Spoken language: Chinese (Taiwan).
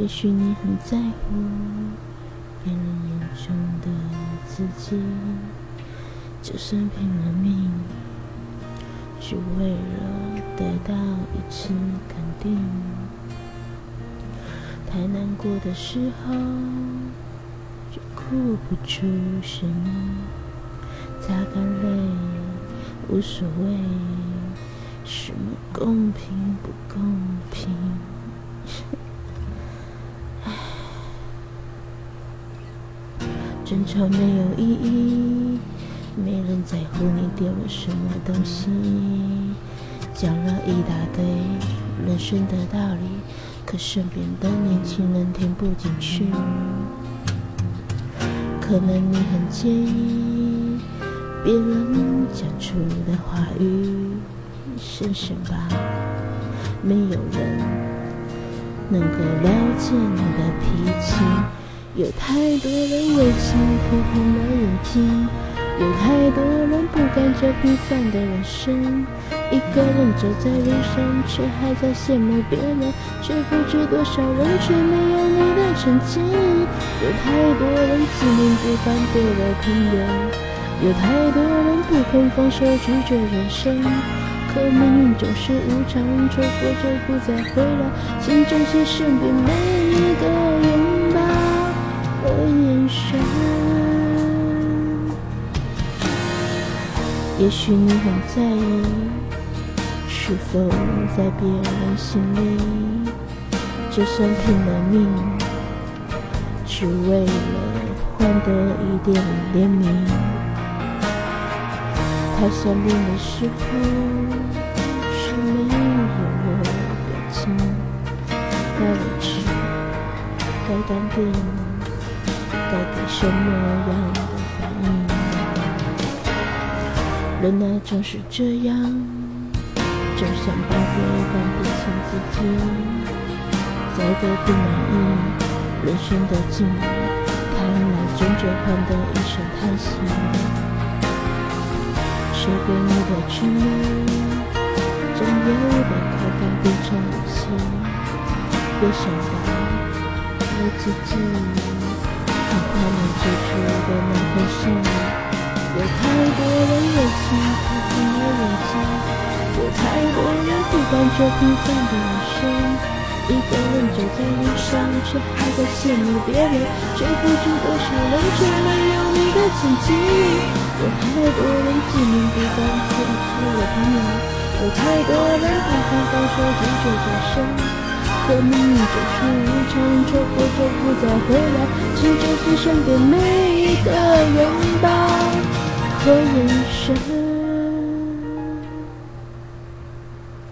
也許你很在乎別人眼中的自己，就算拼了命，只為了得到一次肯定。太難過的時候，就哭不出聲音，擦乾淚無所謂，什麼公平不公平。爭吵沒有意義，沒人在乎你丟了什麼東西，講了一大堆人生的道理，可身邊的年輕人聽不進去。可能你很介意別人講出的話語，想想吧，沒有人能夠了解你的脾氣。有太多人為情哭紅了眼睛，有太多人不甘這平凡的人生。一個人走在路上，卻還在羨慕別人，卻不知多少人卻沒有你的曾經。有太多人自命不凡，丟了朋友，有太多人不肯放手，拒絕人生。可命運總是無常，錯過就不再回來。請珍惜身邊每一個人。的眼神。也許你很在意，是否在別人心裡，就算拼了命，只為了換得一點憐憫。他想病的時候是沒有我的心，該委屈，該當兵。到底什麼樣的反應？人啊，總、就是這樣，就像泡沫一般不切自己，再多不滿意，人生的境遇，看來終究換得一聲嘆息。誰給你的權利，真有臉變乾心酸？別想了，我自己。我慢你最初的那回事情，有太多人眼睛看不見眼睛，有太多人不管這平凡的人生，一個人走在路上，卻還在羨慕別人，卻不知多少人卻沒有你的曾經，有太多人拼命不管過去和將來，有太多人還剛剛開始認真生我們就是一場錯過，就不再回來，去珍惜身邊每一個擁抱。和人生。